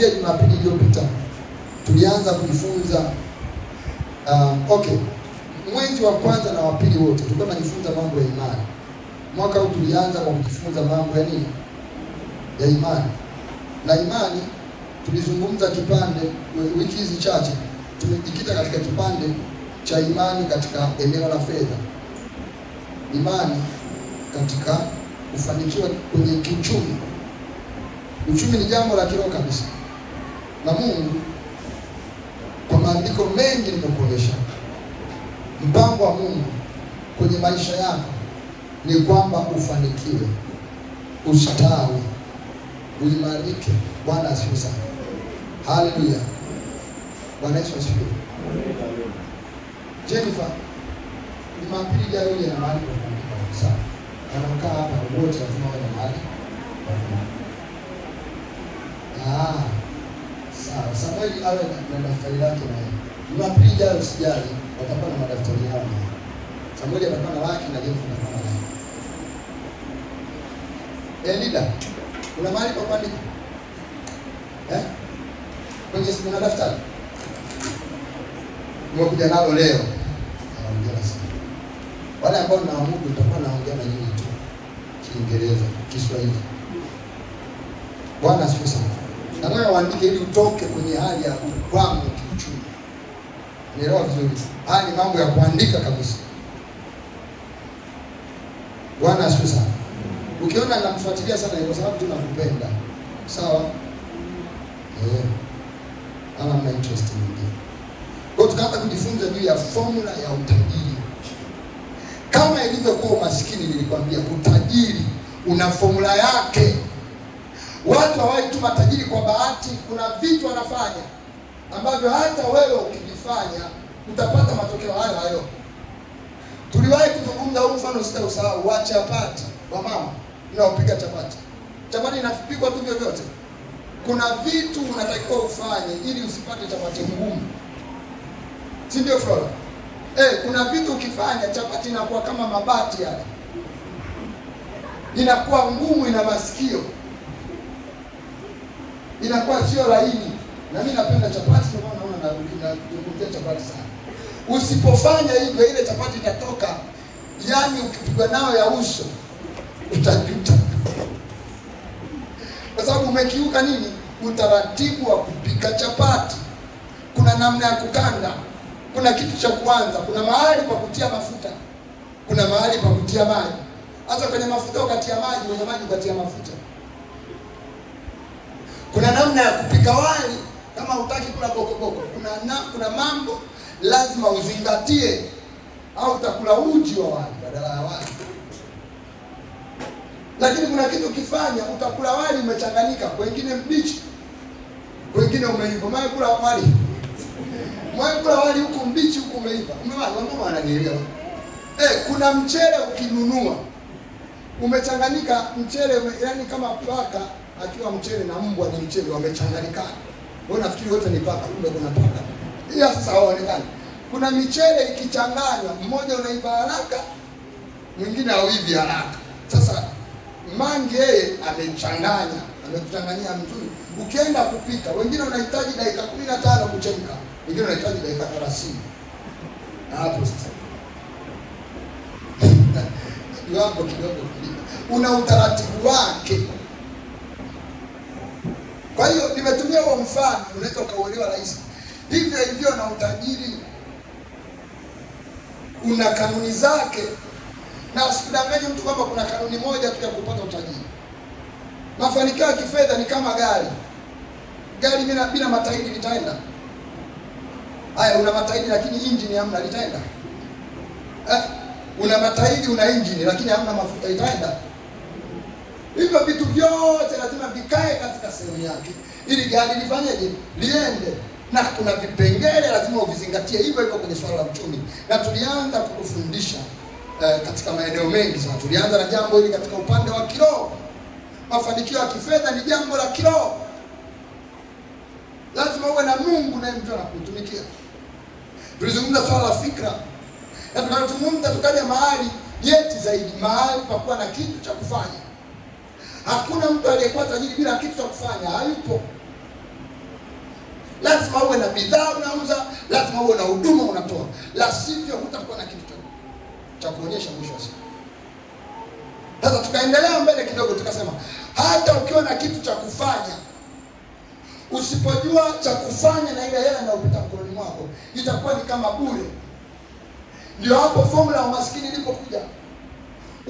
Pia Jumapili iliyopita tulianza kujifunza uh, okay, mwezi wa kwanza na wa pili wote tulikuwa tunajifunza mambo ya imani. Mwaka huu tulianza kwa kujifunza mambo ya nini? Ya imani. Na imani tulizungumza kipande, wiki hizi chache tumejikita katika kipande cha imani katika eneo la fedha, imani katika kufanikiwa kwenye kiuchumi. Uchumi ni jambo la kiroho kabisa na Mungu kwa maandiko mengi nimekuonyesha. Mpango wa Mungu kwenye maisha yako ni kwamba ufanikiwe, ustawi, uimarike. Bwana asifiwe sana. Haleluya. Bwana Yesu asifiwe. Jennifer, Jumapili ijayo ile na mahali sana anakaa hapa wote lazima wawe na mahali. Ah sawa. Samueli awe na daftari lake, na yeye. Jumapili ijayo usijali, watakuwa na madaftari yao. Samueli atakuwa na wake na Jefu na na lake. Elida, kuna mahali pa kuandika eh? Kwenye simu na daftari umekuja nalo leo, naongea sana. Wale ambao naabudu, nitakuwa naongea na nyinyi tu Kiingereza, Kiswahili. Bwana asifiwe sana nataka waandike ili utoke kwenye hali ya kukwama kiuchumi. Unaelewa vizuri? Haya ni mambo ya kuandika kabisa. Bwana asifiwe sana. Ukiona namfuatilia sana kwa sababu tunakupenda, sawa? Eh, ana mna interest nyingine. Kwa tukaanza kujifunza juu ya formula ya utajiri. Kama ilivyokuwa umaskini, nilikwambia utajiri una formula yake. Watu hawai tu matajiri kwa bahati. Kuna vitu wanafanya ambavyo hata wewe ukivifanya utapata matokeo hayo hayo. Tuliwahi kuzungumza huu mfano, sitausahau, wa chapati wa mama unaopika chapati. Chapati inapikwa tu vyovyote. Kuna vitu unatakiwa ufanye ili usipate chapati ngumu, si ndio Flora? Eh, kuna vitu ukifanya chapati inakuwa kama mabati yale, inakuwa ngumu, ina masikio inakuwa sio laini, na mimi napenda chapati, ndio maana naona nazungumzia chapati sana. Usipofanya hivyo, ile chapati itatoka, yani ukipigwa nayo ya uso utajuta, kwa sababu umekiuka nini? Utaratibu wa kupika chapati. Kuna namna ya kukanda, kuna kitu cha kuanza, kuna mahali pa kutia mafuta, kuna mahali pa kutia maji. Hata kwenye mafuta ukatia maji, kwenye maji ukatia mafuta. Kuna namna ya kupika wali kama hutaki kula bokoboko. Kuna na, kuna mambo lazima uzingatie, au utakula uji wa wali badala ya wali. Lakini kuna kitu kifanya utakula wali umechanganyika, kwengine mbichi, wengine umeiva. Mimi kula wali kula wali huku mbichi huku umeiva, umewaambia wananielewa. Eh, kuna mchele ukinunua umechanganyika mchele, yani kama paka akiwa mchele na mbwa ni mchele wamechanganyikana. Wewe nafikiri wote ni paka, kumbe kuna paka. Ila sasa haonekani. Kuna michele ikichanganywa, mmoja unaiva haraka, mwingine hauivi haraka. Sasa mangi yeye amechanganya, amekuchanganyia mzuri. Ukienda kupika, wengine unahitaji dakika 15 kuchemka, wengine unahitaji dakika 30. Na hapo sasa kiwango kidogo, una utaratibu wake. Kwa hiyo nimetumia huo mfano, unaweza ukauelewa rahisi. Hivyo hivyo na utajiri una kanuni zake, na usikudanganye mtu kwamba kuna kanuni moja tu ya kupata utajiri. Mafanikio ya kifedha ni kama gari. Gari bila bila matairi litaenda? Haya, una matairi lakini injini hamna, litaenda eh? Una matairi una injini lakini hamna mafuta, itaenda? Hivyo vitu vyote lazima vikae katika sehemu yake, ili gari lifanyeje? Liende. Na kuna vipengele lazima uvizingatie hivyo hivyo kwenye swala la uchumi, na tulianza kukufundisha eh, katika maeneo mengi sana. Tulianza na jambo hili katika upande wa kiroho. Mafanikio ya kifedha ni jambo la kiroho, lazima uwe na Mungu naye mtu anakutumikia. Tulizungumza swala la fikra na tukazungumza tukaja mahali yeti zaidi, mahali pakuwa na kitu cha kufanya Hakuna mtu aliyekuwa tajiri bila kitu cha kufanya, hayupo. Lazima uwe na bidhaa unauza, lazima uwe na huduma unatoa, la sivyo hutakuwa na kitu cha kuonyesha mwisho wa siku. Sasa tukaendelea mbele kidogo, tukasema hata ukiwa na kitu cha kufanya, usipojua cha kufanya na ile hela inayopita mkononi mwako itakuwa ni kama bure. Ndio hapo fomula ya umaskini ilipokuja.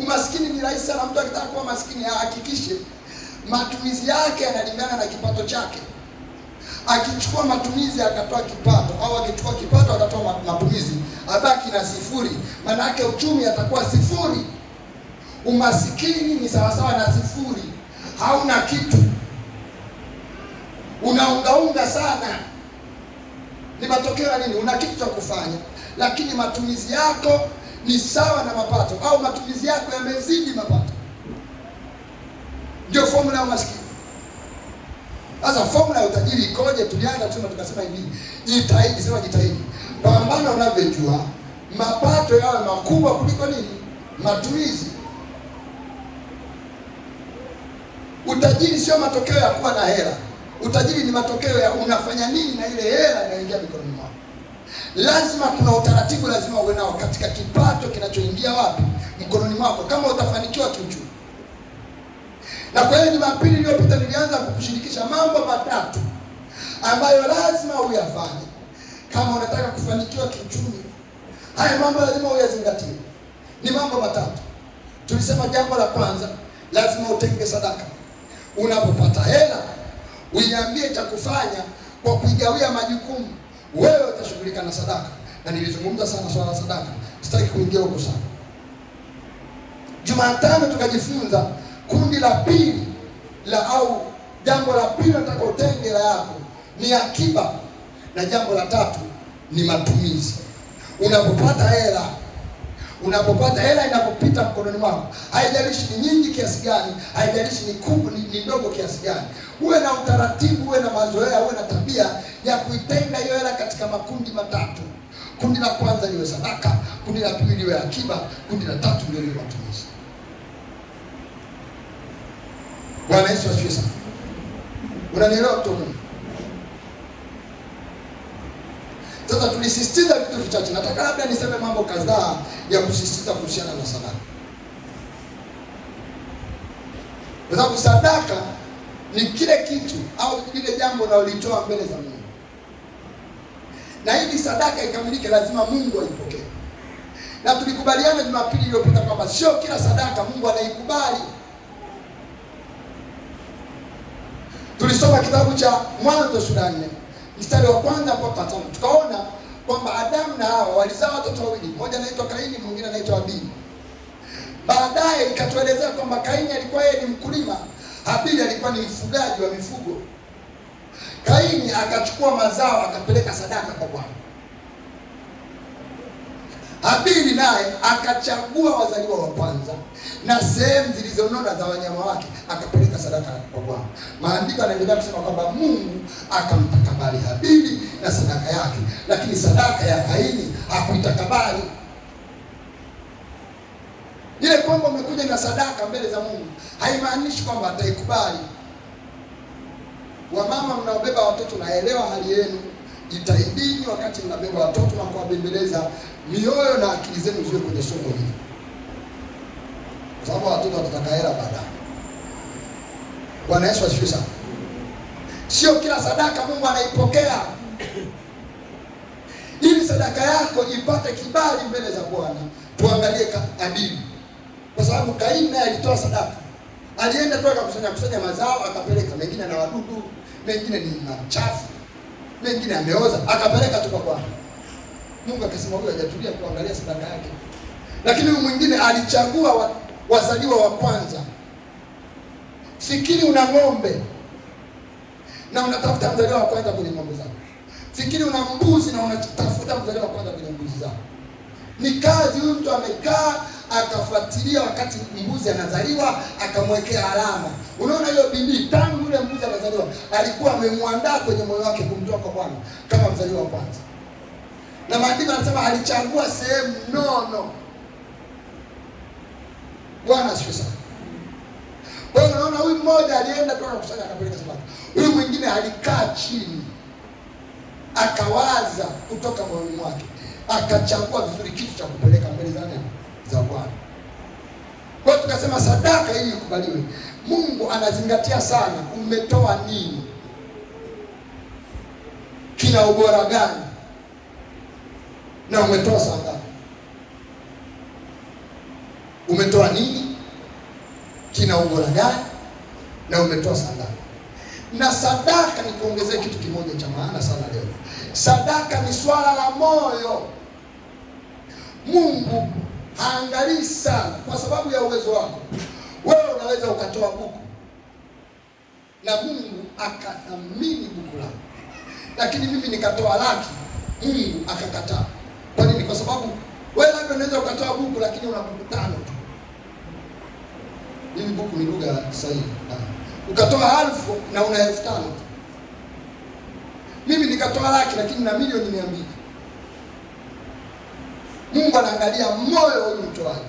Umaskini ni rahisi sana. Mtu akitaka kuwa maskini ahakikishe matumizi yake yanalingana na kipato chake. Akichukua matumizi akatoa kipato, au akichukua kipato akatoa matumizi, abaki na sifuri, maana yake uchumi atakuwa sifuri. Umasikini ni sawasawa na sifuri, hauna kitu, unaungaunga sana. Ni matokeo ya nini? Una kitu cha kufanya, lakini matumizi yako ni sawa na mapato au matumizi yako yamezidi mapato. Ndio formula ya umaskini. Sasa formula ya utajiri ikoje? Tulianza kusema tukasema hivi, jitahidi, sema jitahidi, pambana unavyojua, mapato yawe makubwa kuliko nini, matumizi. Utajiri sio matokeo ya kuwa na hela. Utajiri ni matokeo ya unafanya nini na ile hela inaingia mikononi Lazima kuna utaratibu lazima uwe nao katika kipato kinachoingia wapi mkononi mwako, kama utafanikiwa kiuchumi. Na kwa hiyo Jumapili iliyopita nilianza kukushirikisha mambo matatu ambayo lazima uyafanye kama unataka kufanikiwa kiuchumi. Haya mambo lazima uyazingatie, ni mambo matatu. Tulisema jambo la kwanza, lazima utenge sadaka. Unapopata hela, uiambie cha kufanya kwa kuigawia majukumu wewe utashughulika na sadaka, na nilizungumza sana swala la sadaka, sitaki kuingia huko sana. Jumatano tukajifunza kundi la pili la au jambo la pili nataka utenge la yako ni akiba, na jambo la tatu ni matumizi. Unapopata hela Unapopata hela inapopita mkononi mwako, haijalishi ni nyingi kiasi gani, haijalishi ni kubwa ni, ni ndogo kiasi gani, uwe na utaratibu, uwe na mazoea, uwe na tabia ya kuitenga hiyo hela katika makundi matatu. Kundi la kwanza liwe sadaka, kundi la pili liwe akiba, kundi la tatu liwe liwe matumizi. Bwana Yesu asifiwe sana. Unanielewa mtu Mungu? Sasa tulisisitiza vitu vichache. Nataka labda niseme mambo kadhaa ya kusisitiza kuhusiana na sadaka, kwa sababu sadaka ni kile kitu au lile jambo unalolitoa mbele za Mungu, na ili sadaka ikamilike lazima Mungu aipokee. Na tulikubaliana Jumapili iliyopita kwamba sio kila sadaka Mungu anaikubali. Tulisoma kitabu cha Mwanzo sura nne mstari wa kwanza mpaka tano tukaona kwamba Adamu na Hawa walizaa watoto wawili, mmoja anaitwa Kaini, mwingine anaitwa Habili. Baadaye ikatuelezea kwamba Kaini alikuwa yeye ni mkulima, Habili alikuwa ni mfugaji wa mifugo. Kaini akachukua mazao akapeleka sadaka kwa Bwana. Habili naye akachagua wazaliwa wa kwanza na sehemu zilizonona za wanyama wake akapeleka sadaka kwa Bwana. Maandiko yanaendelea kusema kwamba Mungu akamtakabali Habili na sadaka yake, lakini sadaka ya Kaini hakuitakabali. Ile kwamba umekuja na sadaka mbele za Mungu haimaanishi kwamba ataikubali. Wamama mnaobeba watoto, naelewa hali yenu Jitahidini wakati mnabeba watoto na kuwabembeleza, mioyo na akili zenu ziwe kwenye somo hili, kwa sababu watoto watataka hela baadaye. Bwana Yesu asifiwe sana. Sio kila sadaka Mungu anaipokea. Ili sadaka yako ipate kibali mbele za Bwana, tuangalie Abili, kwa sababu Kaini naye alitoa sadaka, alienda tu akakusanya kusanya mazao akapeleka, mengine na wadudu, mengine ni machafu mengine ameoza, akapeleka tu kwa Bwana. Mungu akasema huyu hajatulia kuangalia sadaka yake, lakini huyu mwingine alichagua wa, wazaliwa wa kwanza. Fikiri una ng'ombe na unatafuta mzaliwa wa kwanza kwenye ng'ombe zako. Fikiri una mbuzi na unatafuta mzaliwa wa kwanza kwenye mbuzi zako. Ni kazi, huyu mtu amekaa akafuatilia wakati mbuzi anazaliwa, akamwekea alama. Unaona hiyo bidii, tangu yule mbuzi anazaliwa alikuwa amemwandaa kwenye moyo wake kumtoa kwa Bwana kama mzaliwa wa kwanza, na maandiko anasema alichagua sehemu nono. Bwana asifiwe sana. Kwa hiyo unaona, huyu mmoja alienda tu anakusanya akapeleka sadaka, huyu mwingine alikaa chini akawaza kutoka moyoni mwake, akachagua vizuri kitu cha kupeleka mbele za Mungu za Bwana. Kwa hiyo tukasema sadaka ili ikubaliwe, Mungu anazingatia sana umetoa nini, kina ubora gani, na umetoa sadaka. Umetoa nini, kina ubora gani, na umetoa sadaka Na sadaka, kuongezea kitu kimoja cha maana sana leo. Sadaka ni swala la moyo Mungu haangalii sana kwa sababu ya uwezo wako. Wewe unaweza ukatoa buku na Mungu akathamini buku lako, lakini mimi nikatoa laki, Mungu akakataa. Kwa nini? Kwa sababu wewe labda unaweza ukatoa buku, lakini una buku tano tu. Mimi buku ni lugha sahihi. Ukatoa elfu na una elfu tano tu. Mimi nikatoa laki, lakini na milioni mia mbili Mungu anaangalia moyo huyu wake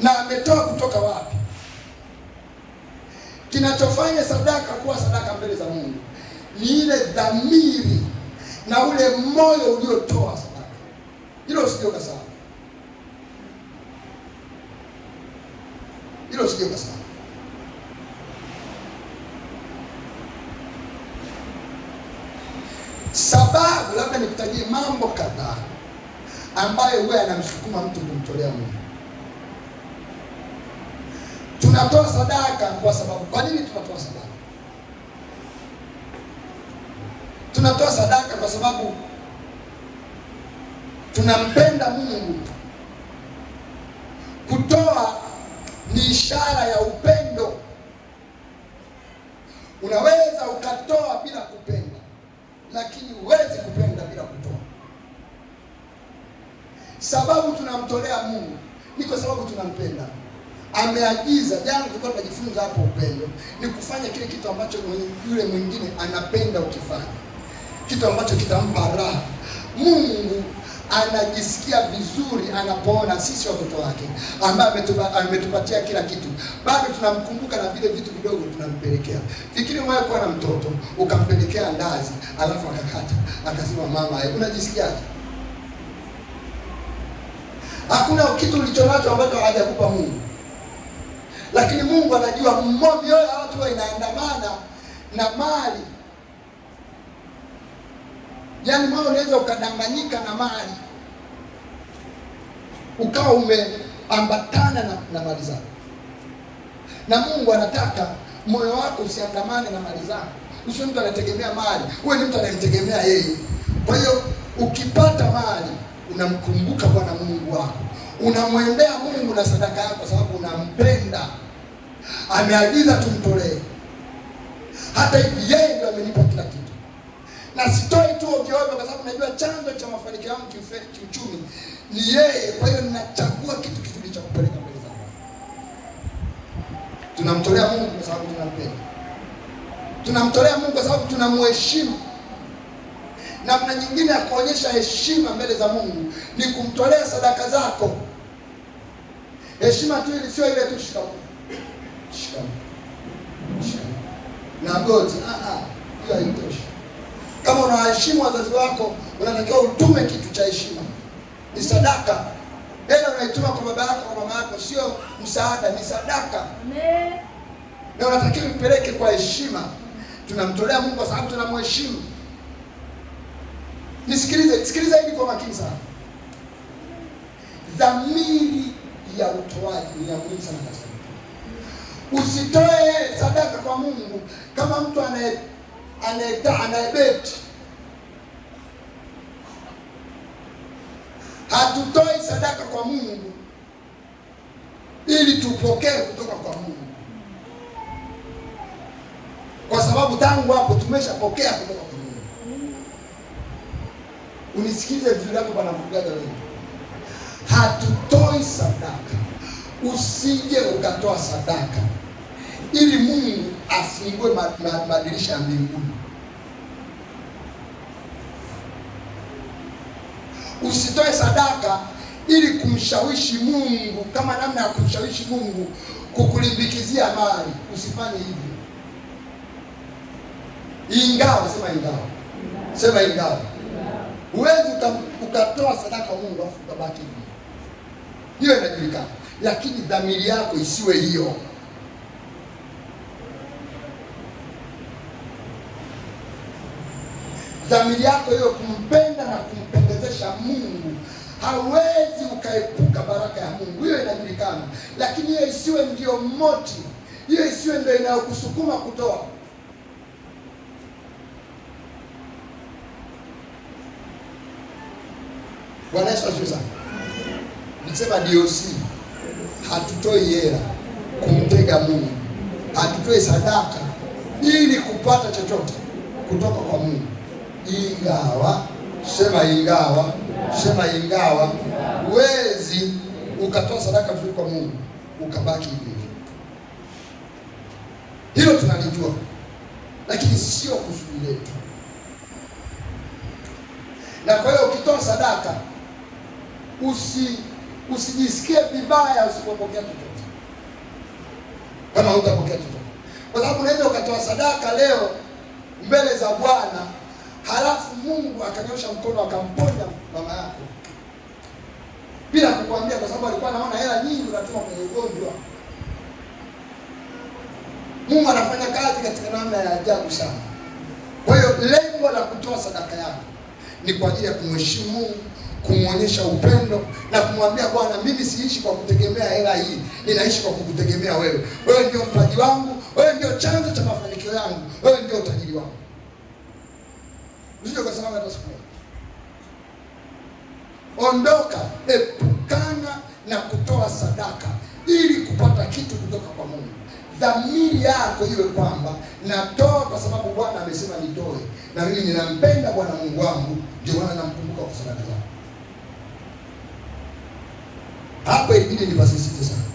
na ametoa kutoka wapi. Kinachofanya sadaka kuwa sadaka mbele za Mungu ni ile dhamiri na ule moyo uliotoa sadaka. Hilo usije ukasahau, hilo usije ukasahau. Sababu labda nikutajie mambo kadhaa ambayo huwa anamsukuma mtu kumtolea Mungu. Tunatoa sadaka kwa sababu, kwa nini tunatoa sadaka? Tunatoa sadaka kwa sababu tunampenda Mungu. Kutoa ni ishara ya upendo. Unaweza ukatoa bila kupenda, lakini huwezi kupenda bila kutoa sababu tunamtolea Mungu ni kwa sababu tunampenda. Ameagiza jana, tulikuwa tunajifunza hapo, upendo ni kufanya kile kitu ambacho yule mwingine anapenda ukifanya, kitu ambacho kitampa raha. Mungu anajisikia vizuri anapoona sisi watoto wake ambaye ametupa, ametupatia kila kitu, bado tunamkumbuka na vile vitu vidogo tunampelekea. Fikiri wewe kuwa na mtoto ukampelekea ndazi alafu akakata akasema mama, eh, unajisikiaje? Hakuna kitu ulichonacho ambacho hajakupa Mungu, lakini Mungu anajua mioyo ya watu inaandamana na mali. Yaani moyo unaweza ukadanganyika na mali, ukawa umeambatana na, na mali zako, na Mungu anataka moyo wako usiandamane na mali zako, usiwe mtu anategemea mali, uwe ni mtu anayemtegemea yeye. Kwa hiyo ukipata mali unamkumbuka Bwana Mungu wako, unamwendea Mungu na sadaka yako, kwa sababu unampenda. Ameagiza tumtolee. Hata hivi yeye ndio amenipa kila kitu, na sitoi tu ovyo ovyo, kwa sababu najua chanzo cha mafanikio yangu kiuchumi ni yeye. Kwa hiyo ninachagua kitu kizuri cha kupeleka mbele za Bwana. Tunamtolea Mungu kwa sababu tunampenda, tunamtolea Mungu kwa sababu tunamheshimu namna nyingine ya kuonyesha heshima mbele za Mungu ni kumtolea sadaka zako. Heshima tu ile, sio ile tu shikamoo, na goti. Ah ah, hiyo haitoshi. Kama unawaheshimu wazazi wako, unatakiwa utume kitu cha heshima, ni sadaka. Hela unaituma kwa baba yako, kwa mama yako, sio msaada, ni sadaka. Amen. Na unatakiwa mpeleke kwa heshima. Tunamtolea Mungu kwa sababu tunamheshimu. Nisikilize, sikiliza hivi kwa makini sana. Dhamiri ya utoaji ni ya muhimu sana katika usitoe sadaka kwa Mungu kama mtu anaye anayeta anayebeti. Hatutoi sadaka kwa Mungu ili tupokee kutoka kwa Mungu, kwa sababu tangu hapo tumeshapokea kutoka kwa Unisikilize vizuri hapo, bwana mfugaji wewe. Hatutoi sadaka, usije ukatoa sadaka ili Mungu afungue madirisha ya mbinguni. Usitoe sadaka ili kumshawishi Mungu, kama namna ya kumshawishi Mungu kukulimbikizia mali. Usifanye hivyo, ingawa sema, ingawa sema, ingawa utatoa sadaka Mungu afu utabaki dunia, hiyo inajulikana. Lakini dhamiri yako isiwe hiyo. Dhamiri yako hiyo kumpenda na kumpendezesha Mungu, hawezi ukaepuka baraka ya Mungu, hiyo inajulikana. Lakini hiyo isiwe ndio moti hiyo isiwe ndio inayokusukuma kutoa Bwana Yesu asifiwe sana. Msema DOC hatutoi hela kumtega Mungu, hatutoi sadaka ili kupata chochote kutoka kwa Mungu, ingawa sema, ingawa sema, ingawa wezi ukatoa sadaka vizuri kwa Mungu ukabaki hivi, hilo tunalijua, lakini sio kusudi letu. Na kwa hiyo ukitoa sadaka usi- usijisikie vibaya usipopokea chochote, kama hutapokea chochote, kwa sababu unaweza ukatoa sadaka leo mbele za Bwana halafu Mungu akanyosha mkono akamponya mama yako bila kukwambia, kwa sababu alikuwa anaona hela nyingi unatuma kwenye ugonjwa. Mungu anafanya kazi katika namna ya ajabu sana. Kwa hiyo lengo la kutoa sadaka yako ni kwa ajili ya kumheshimu Mungu kumwonyesha upendo na kumwambia Bwana, mimi siishi kwa kutegemea hela hii, ninaishi kwa kukutegemea wewe. Wewe ndio mpaji wangu, wewe ndio chanzo cha mafanikio yangu, wewe ndio utajiri wangu. Usije ukasahau hata siku moja. Ondoka, epukana na kutoa sadaka ili kupata kitu kutoka kwa Mungu. Dhamiri yako iwe kwamba natoa kwa sababu Bwana amesema nitoe, na mimi ninampenda Bwana Mungu wangu, ndio maana namkumbuka kwa sadaka zangu hapa ilibidi nipasisite sana.